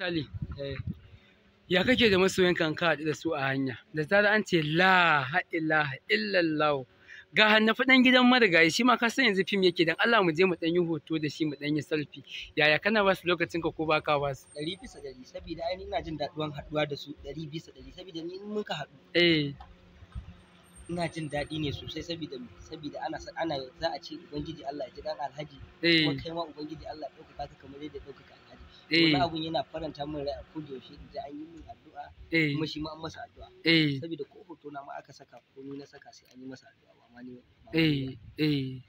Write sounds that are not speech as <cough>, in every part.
Sali. Eh, ya kake da masoyan kan ka da su a hanya? Da zara an ce la ilaha illallah. Ga hannu dan gidan marigayi shi ma ka san yanzu fim yake dan Allah mu je mu dan yi hoto da shi mu dan yi selfie. Yaya kana ba su lokacin ka ko ba ka ba su? Ɗari saboda ai ina jin daɗuwan haɗuwa da su ɗari saboda ni in muka haɗu. Eh. ina jin daɗi ne sosai saboda saboda ana ana za a ce ubangiji Allah ya ji dan alhaji eh. kuma kai ma ubangiji Allah ya ɗaukaka ka kamar yadda ɗaukaka wani eh. abun yana faranta min rai a kudu shi da an yi min addu'a eh. kuma shi ma an masa addu'a eh. saboda ko hoto na ma aka saka ko ni na saka sai an yi masa addu'a ba ma ni eh eh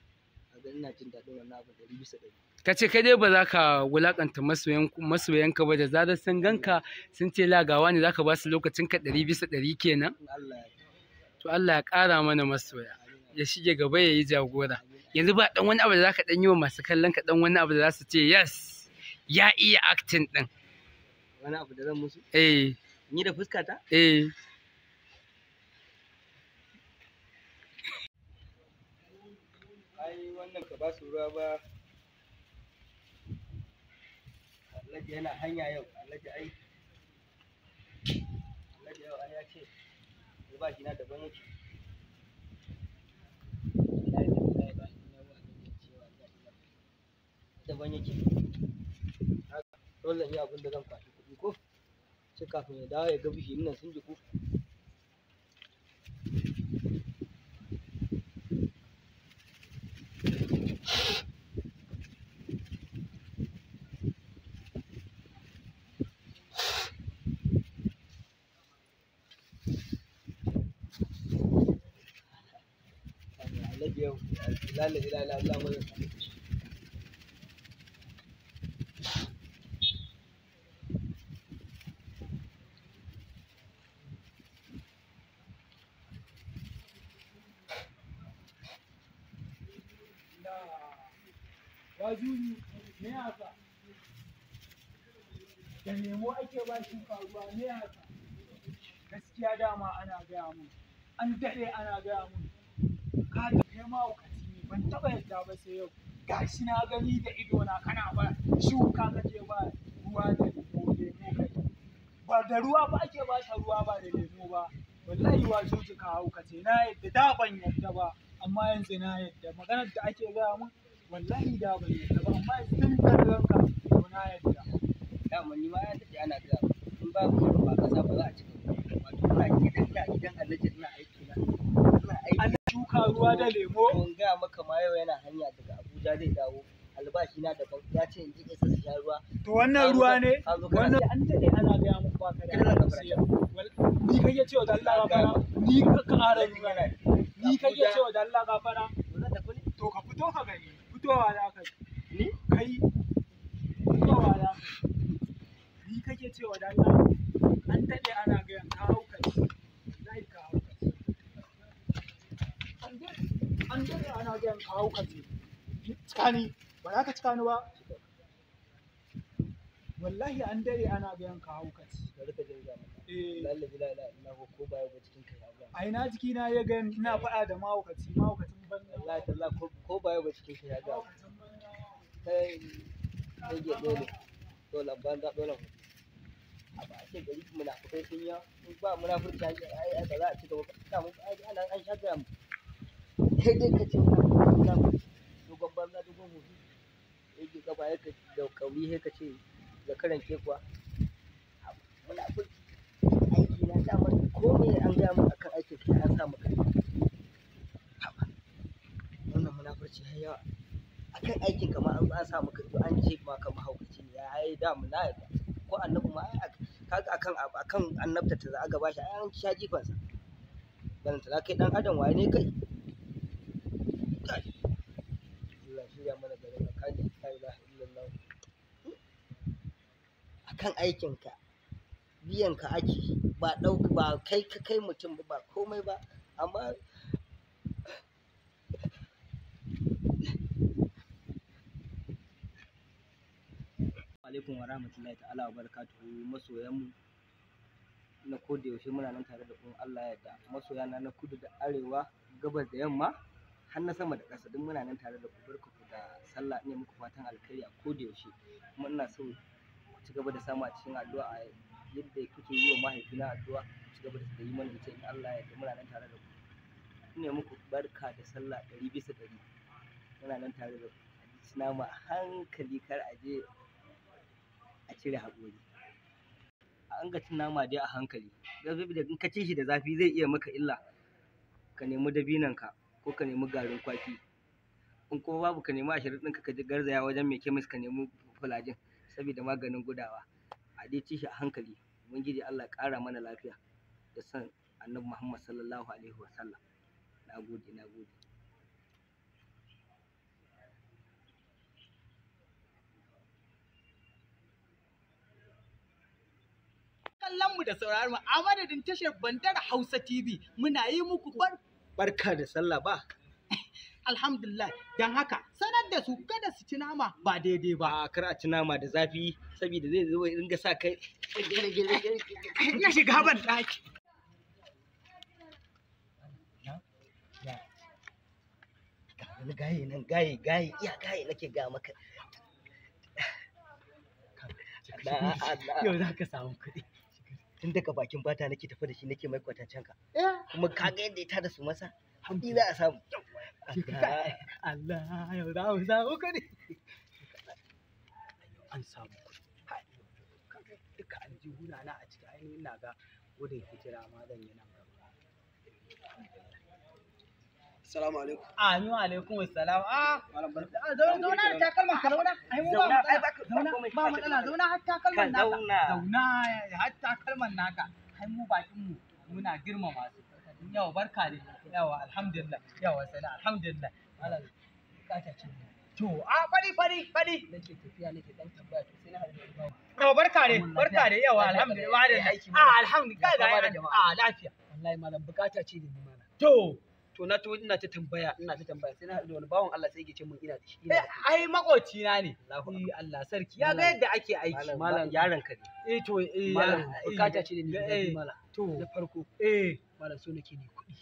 kaga ina jin daɗin wannan abu ɗari bisa ɗari ka ce kai dai ba za ka wulakanta masoyanka ba da zarar sun ganka sun ce lagawa ne za ka ba su lokacin ka ɗari bisa ɗari kenan to Allah ya ƙara mana masoya ya shige gaba ya yi jagora yanzu ba ɗan wani abu da za ka ɗan yi wa masu kallon ka ɗan wani abu da za su ce yes ya iya acting din wani abu da zan musu eh ni da fuska ta? eh ai wannan ka ba su ruwa ba Alhaji yana hanya yau Alhaji ai Alhaji yau ai ya ce ba shi na daban yake daban yake dole yi abin da zan kwashi kuɗi ko sai kafin ya dawo ya ga bishiyin nan sun jiku Lalace lalace lalace lalace ba shi faruwa ne haka gaskiya dama ana gaya mun an daɗe ana gaya mun ka da kai ma ban taɓa yadda ba sai yau gashi na gani da ido na kana ba shuka kake ba ruwa da lemo lemo kai ba da ruwa ba ake ba ta ruwa ba da lemo ba wallahi wa zuci ka hauka ce na yadda da ban yadda ba amma yanzu na yadda maganar da ake gaya mun wallahi da ban yadda ba amma yanzu tun da ranka to na yadda dama ni ma ya daɗe ana gaya? in ba ku ba ƙasa ba za a ci gaba wato ina gidan da gidan alhaji ina aiki na ina aiki ana shuka ruwa da lemo mun ga maka ma yau yana hanya daga Abuja zai dawo albashi na da daban ya ce in ji isa su sha ruwa to wannan ruwa ne wannan an daɗe ana ga mu ba ka da siya ni kake cewa da Allah gafara ni ka ƙara ni kai ya ce cewa da Allah gafara to ka fito ka gani fitowa da kai ni kai fitowa da kai cewa an daɗe ana gayan ka hauka zai an daɗe ana gayan ka hauka tsakani ba za ka tsakani ba wallahi an dare ana biyan ka hauka bari ka jirga maka eh. la ilaha illa ko ga ya ai na jiki na ya ga ina faɗa da mahaukaci wallahi talla ko ga ya ga kai kai dole dole ban da dole ba a ce gari munafukai sun yi in ba munafurci ai ai ba za a ci gaba ba ta mun ai ana an sha gaya sai dai ka ce munafurci dogon banza dogon hutu yake gaba ya da kauri sai ka ce zakaran ke kuwa munafurci aiki na sa maka komai an gaya maka akan aikin ka an sa maka wannan munafurci har yawa akan aikin ka ma an sa mu maka an ce maka mahaukaci ne ya yi damu na yadda ko annabi ma kaga akan akan annabta ta za ba shi an sha jifan sa dan ta kai dan adam waye ne kai Allah mana ka ji la akan aikin biyan ka ake ba ɗauki ba kai ka kai mutum ba komai ba amma alaikum wa rahmatullahi ta'ala wa barakatuhu masoyan mu na koda yaushe muna nan tare da kun Allah ya da masoya na na kudu da arewa gabas da yamma har na sama da ƙasa duk muna nan tare da ku barkaku da sallah ina muku fatan alkhairi a koda yaushe kuma ina so ku ci gaba da samu a cikin addu'a yadda kuke yi wa mahaifina addu'a ku ci gaba da yi mana ita in Allah ya da muna nan tare da ku ina muku barka da sallah ɗari bisa ɗari muna nan tare da ku a hankali kar aje a cire haƙori a anga cin nama dai a hankali don saboda in ka ci shi da zafi zai iya maka illa ka nemi dabinan ka ko ka nemi garin kwaki in kuma babu ka nemi ashirin ɗinka ka garzaya wajen mai kemis ka nemi fulajin saboda maganin gudawa a dai ci shi a hankali ubangiji Allah ƙara mana lafiya da san annabi Muhammad sallallahu alaihi wasallam na gode na gode kallon mu da sauraron mu a madadin tashar bandar Hausa TV muna yi muku barka da sallah ba <laughs> alhamdulillah don haka sanar da su kada su ci nama ba daidai ba a kar a ci nama da zafi saboda zai zo in ga sa kai ya shiga haban daki wani gaye nan gaye gaye iya gaye nake ga maka yau za ka samu kuɗi tun daga bakin bata nake tafi da shi nake mai kwatancen ka eh. kuma ka ga yadda ya tada su masa hamdi za a samu Allah ya za mu samu an samu duka an ji a ciki ainihin na ga gudun hijira ma zan yi nan gaba Salamu alaikum. Amin alaikum wassalam. Ah, a fari fari lafiya. Wallahi ce da ni To, to na to ina ta tambaya ina ta tambaya sai na haɗu da wani bawan Allah sai yake ce mun ina da shi eh, ai makoci na ne eh Allah sarki ya ga yadda ake aiki malam yaron ka ne eh to eh malam eh, bukata ce ne eh, ni malam to na farko eh malam so nake ne kuɗi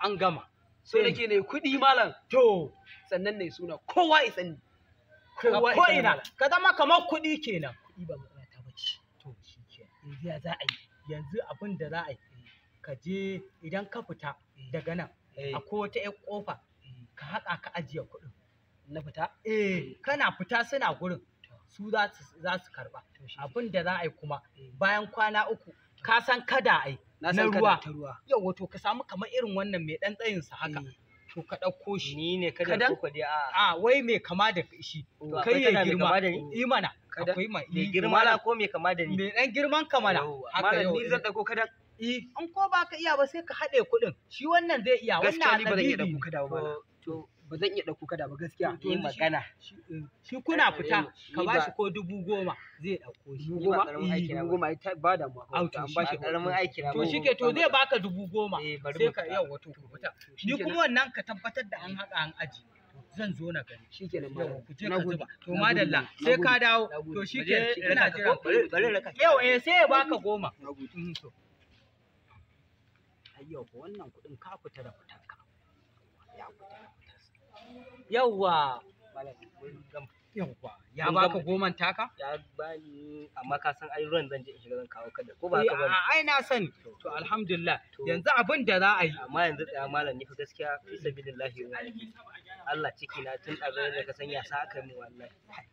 an gama so nake ne kuɗi malam to sannan ne suna kowa ya sani kowa ko ina ka zama kamar kuɗi kenan kuɗi ba matsala ta bace to shi yanzu za a yi yanzu abin da za a yi ka je idan ka fita daga nan Eh. akwai wata ƴan kofa ka haƙa ka ajiye kuɗin na fita eh, eh. kana fita suna gurin su za su karba abin da za a yi kuma eh. bayan kwana uku ka san kada ai na ruwa yau wato ka samu kamar irin wannan mai ɗan tsayinsa haka to ka ɗauko shi ni ne kada ko dai a a wai mai kama da shi kai ya girma imana akwai mai girma ko mai kama da ni mai dan girman kamala haka ni zan dauko kadan E. in ko ba ka iya ba sai ka haɗe kuɗin shi wannan zai iya wannan ne ba iya ba to ba zan iya ɗauko kada ba gaskiya to magana shi eh, kuna fita ka ba shi ko dubu goma zai ɗauko shi dubu goma eh, dubu goma ta ba da mu an ba shi ƙaramin aiki na to shi ke to zai baka dubu goma eh, sai ka iya wato ku fita ni kuma wannan ka tabbatar da an haƙa an aji zan zo na gani shi shikenan ba ku je ka zuba to madalla sai ka dawo to shi shikenan ina jira yau eh sai ya baka goma yau wannan kuɗin ka fita da fitarka ya fita da fitarsa yawwa ya baka goman taka ya bani amma ka san ai zan je in shiga zan kawo kada ko ba ka bani eh, ai na sani to alhamdulillah yanzu abin da za a yi amma yanzu tsaya malam ni fa gaskiya fi sabilillahi wa Allah ciki na tun ɗaga da ka sanya sa aka min wallahi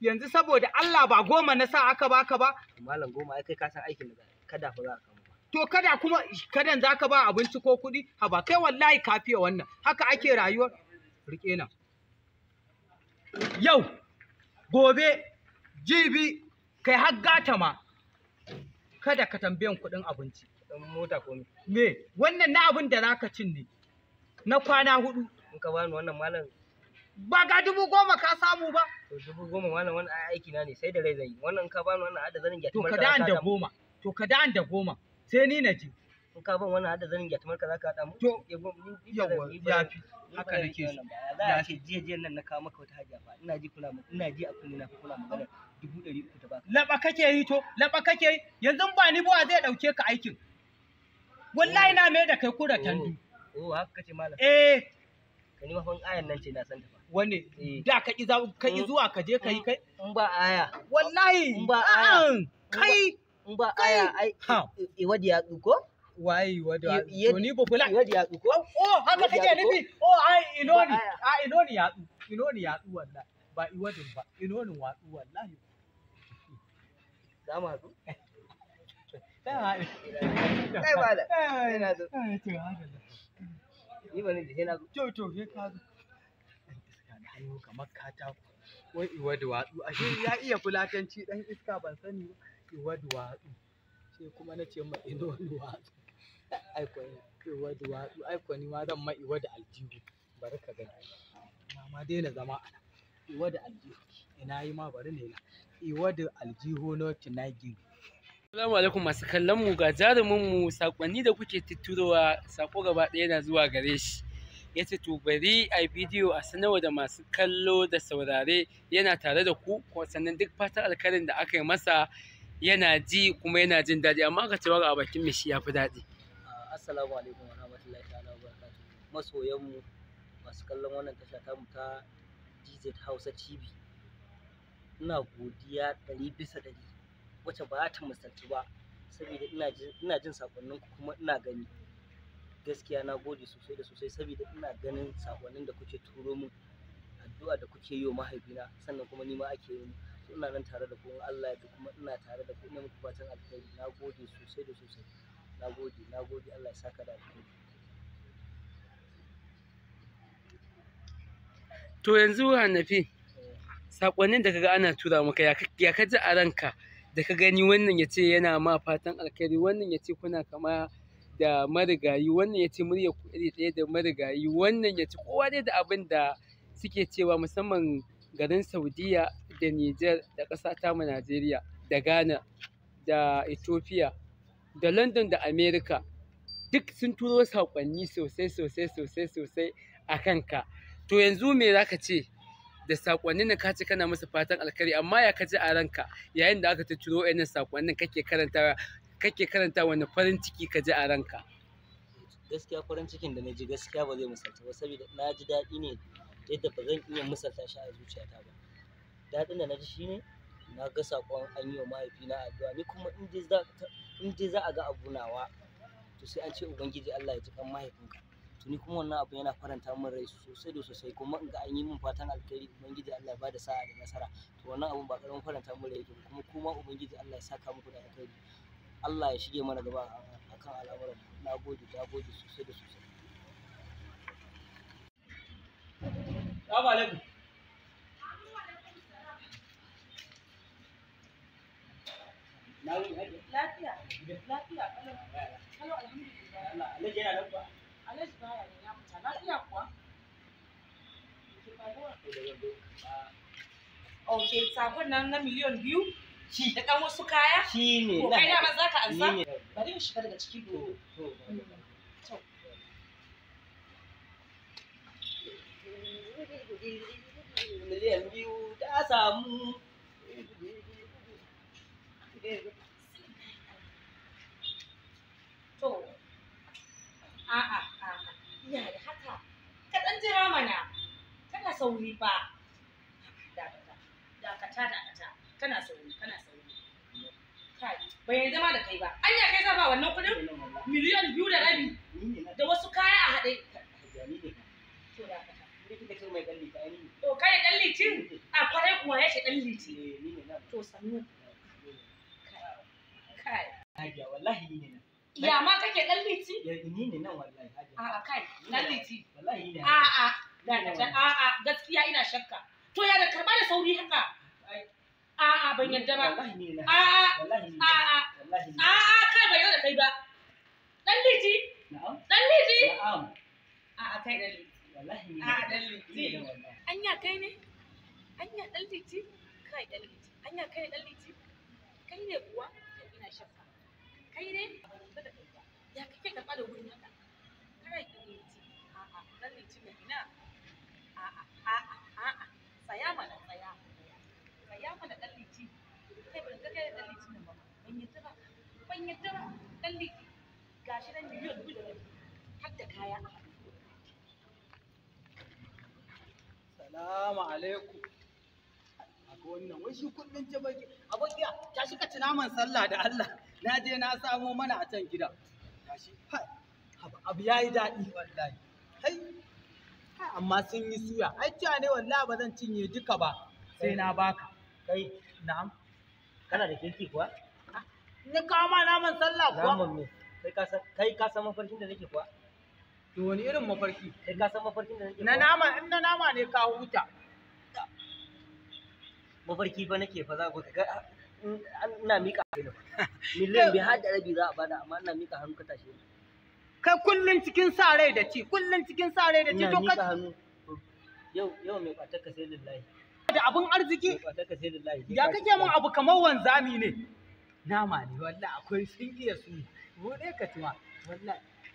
yanzu saboda Allah ba goma na sa aka baka ba malam goma ai kai ka san aikin da kada fa za ka to kada kuma kadan zaka ba abinci ko kuɗi haba kai wallahi kafiya wannan haka ake rayuwa rike na yau gobe jibi kai har gata ma kada ka tambayan kuɗin abinci mota ko me wannan na abin da zaka cin ne na kwana hudu in ka bani wannan malam ba ga dubu goma ka samu ba to dubu goma malam wannan aiki na ne sai da rai zai wannan ka bani wannan adadin ya to ka da goma to ka da goma sai ni na ji ko ka ban wannan hada zanin gyatumar ka zaka hada mu to eh, ya fi haka nake so ya ce jiya jiya nan na kawo maka wata hajiya fa ina ji kula ina ji a kunni na kula kula magana dubu ɗari uku ta baka laba kake yi to laba kake yi yanzu ba ni buwa zai dauke ka aikin wallahi na mai da kai ko oh. tandu oh haka kace malam eh ka nima fan ayan nan ce na san ta wani wane eh. da ka ki mm. zuwa ka je ka yi mm. kai in ba aya wallahi in ba aya kai in aya ai iwadi ya ko waye iwadi to ni ba iwadi ya ko oh haka kake bi? oh ai inoni a inoni ya inoni ya wallahi ba iwadin ba inonin watsu wallahi dama su kai ni ba to to ka kamar katako wai iwadi ashe ya iya fulatanci dan iska ban sani ba fi waduwatsu sai kuma na ce ma <laughs> ina inuwa duwatsu aikwani fi waduwatsu aikwani ma zan ma iwa da aljihu bari ka gani na ma daina zama a nan iwa da aljihu ina yi ma bari ne na iwa da aljihu na na tinagin Assalamu alaikum masu kallon mu ga jarumin mu sakonni da kuke tutturowa sako gaba ɗaya na zuwa gare shi ya ce to bari a bidiyo a sanarwa da masu kallo da saurare yana tare da ku Ko sannan duk fatan alkarin da aka yi masa yana ji kuma yana jin daɗi amma ka ce waka a bakin mai shi ya fi daɗi assalamu alaikum wa rahmatullahi ta'ala wa masoyanmu masu kallon wannan tasha ta mu ta DZ Hausa TV ina godiya ɗari bisa ɗari wacce ba ta misaltu ba saboda ina jin ina jin kuma ina gani gaskiya na gode sosai da sosai saboda ina ganin sakonnin da kuke turo min addu'a da kuke yi wa mahaifina sannan kuma ni ma ake yi ina nan tare da ku Allah ya kuma ina tare da ku ina muku fatan alheri na gode sosai da sosai na gode na gode Allah ya saka da alheri to yanzu Hanafi sakonnin da kaga ana tura maka ya ka ji a ranka da ka gani wannan ya ce yana ma fatan alkhairi wannan ya ce kuna kama da marigayi wannan ya ce murya iri ɗaya da marigayi wannan ya ce kowa dai da abin da suke cewa musamman garin saudiya da niger da ƙasa mu najeriya da ghana da ethiopia da london da america duk sun turo saƙonni sosai sosai sosai sosai a kanka to yanzu me za ka ce da saƙonnin ka ce kana musu fatan alkari amma ya ka ji a ranka yayin da aka turo wa'annan saƙonnin kake karanta kake karanta wani farin ciki ka ji a ranka gaskiya farin cikin da na ji gaskiya ba zai misalta ba saboda na ji daɗi ne yadda ba zan iya misalta shi a zuciyata ba daɗin da na ji shine na ga saƙon an yi wa mahaifina addu'a ni kuma in dai za a ga abu nawa to sai an ce ubangiji Allah ya ji kan mahaifinka to ni kuma wannan abu yana faranta min rai sosai da sosai kuma in ga an yi min fatan alkhairi ubangiji Allah ya bada sa'a da nasara to wannan abun ba karamin faranta min rai kuma kuma ubangiji Allah ya saka muku da alkhairi Allah ya shige mana gaba akan al'amuran na gode na gode sosai da sosai Assalamu Lafiya. a Kalau alhamdulillah. Ok, na miliyan biyu shi da ɗan wasu kaya? Shi ne. Ko kai dama za ka ansa? Bari shiga daga ciki. miliyan biyu ta samu to a'a a'a ina da haka ka jira mana kana sauri ba dakata dakata dakata kana sauri kana sauri bai da kai ba anya kai wannan miliyan biyu da rabi da wasu kaya a haɗe so mai dalli ainihi. To kai dalli cin a kwarai kuwa ya dalli ce. Eh, to sannu. Kai. Hajiya wallahi ni ne nan. Ya ma kake dalli ci? Eh, ni ne nan wallahi hajiya. A'a kai dalli ci. Wallahi ni ne. A'a. A'a gaskiya ina shakka. To ya da karɓa da sauri haka. A'a ban yarda ba. Wallahi ni ne. A'a. A'a. A'a kai ban yarda kai ba. Dalli ci. Na'am. Dalli ci. Na'am. A'a kai dalli. Ah, Anya kai ne? Anya kuwa? ina Ya kake wurin haka? Kai ɗan liti. A'a, A'a, Tsaya mana tsaya. Tsaya mana ɗan liti. ban ɗan liti ba. Ban ba. Ban ba. Ɗan liti. Gashi miliyan dubu da rabi. Har da kaya Salamu alaikum. Aka wannan wai shi kullum ta baki. Abokiya, ta shi ka ci naman sallah da Allah. Na je na samo mana a can gida. Ta shi, abu ya yi daɗi wallahi. Hai, amma sun yi suya. Ai, cewa ne wallahi ba zan cinye duka ba sai na baka. Kai, na'am. Kana da kirki kuwa? Ah, ni kama naman sallah kuwa. Naman me? Kai ka san mafarkin da nake kuwa? To wani irin mafarki? Kai ka san mafarkin da nake. Na nama in na nama ne ka huta. Mafarki fa nake fa za ku ga ina mika hannu. Miliyan bai hada rabi za a bada amma ina mika hannu ka tashi. Kai kullun cikin sa rai da ci, kullun cikin sa rai da ci to ka hannu. Yau yau mai kwatar ka sai lillahi. Da abun arziki? Kwatar ka sai lillahi. Ya kake min abu kamar wanzami ne. Nama ne wallahi akwai sun iya su. Bude ka tuma, wallahi.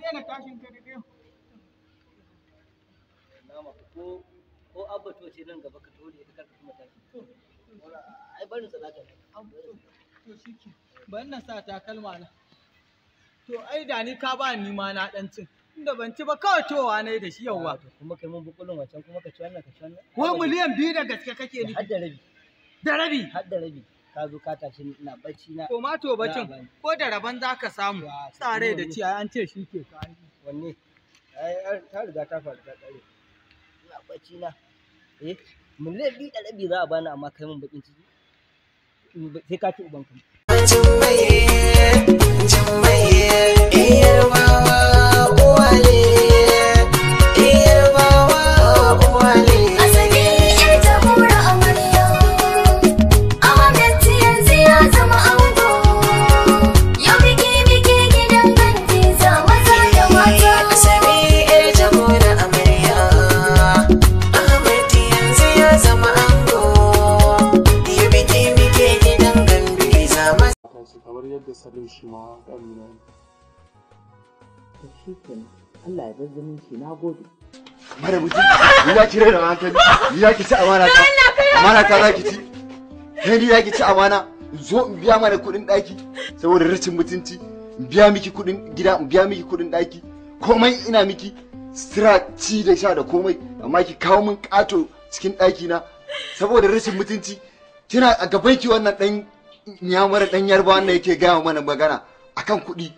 daina tashin ko ko abba to ce nan gaba ka ka karka kuma tashi ai barin to shike na sa takalma na to ai da ni ka ba ni ma na dan cin inda ban ci ba kawai towa ne da shi yawa ah, kuma kai mun bukulun wancan kuma ka ci wannan ka ci wannan ko miliyan biyu da gaske kake ni har da rabi da rabi har da rabi ka zo ka tashi ni ina bacci na tomato bacin ko da rabon za ka samu tsare da ci an ce shi ke ka wanne ta riga ta faru ta tsare ina bacci na eh mun labi da labi za a bani amma kai mun bakin ciki sai ka ci uban kuma Jummai, Jummai, eh. su kamar yadda salim shi ma ƙamina ne. Ta shi kenan Allah ya bar zumunci na gode. Mara mutum, ni ya ki raina hankali, ni za ki ci amana ta, amana ta za ki ci, kai ni ya ki ci amana, zo in biya mana kuɗin ɗaki saboda rashin mutunci, in biya miki kuɗin gida, in biya miki kuɗin ɗaki, komai ina miki, sira ci da sha da komai, amma ki kawo min ƙato cikin ɗaki na saboda rashin mutunci, kina a gaban ki wannan ɗan ya mara dan yarba wanda yake gaya mana magana akan kuɗi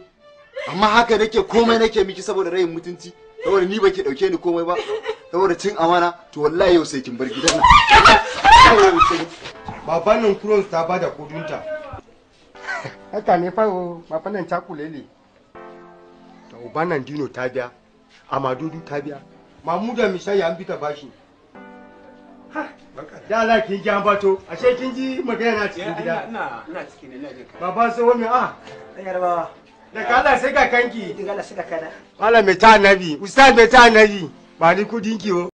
amma haka nake komai nake miki saboda rayin mutunci saboda ni baki dauke ni komai ba saboda cin amana to wallahi yau sai kin bar gidan nan baban nan kuron ta bada kudunta haka ne fa oh, baban nan kulele to uban nan dino ta biya amadudu ta biya mamuda misali an bita bashi da la kin ji an bato ashe kin ji magana cikin eh, gida ina ina cikin ne ina jin baba sai wani a dan yarbawa da kala sai ga kanki daga Allah sai ga kana malam mai ta annabi ustaz mai ta annabi ba ni kudin ki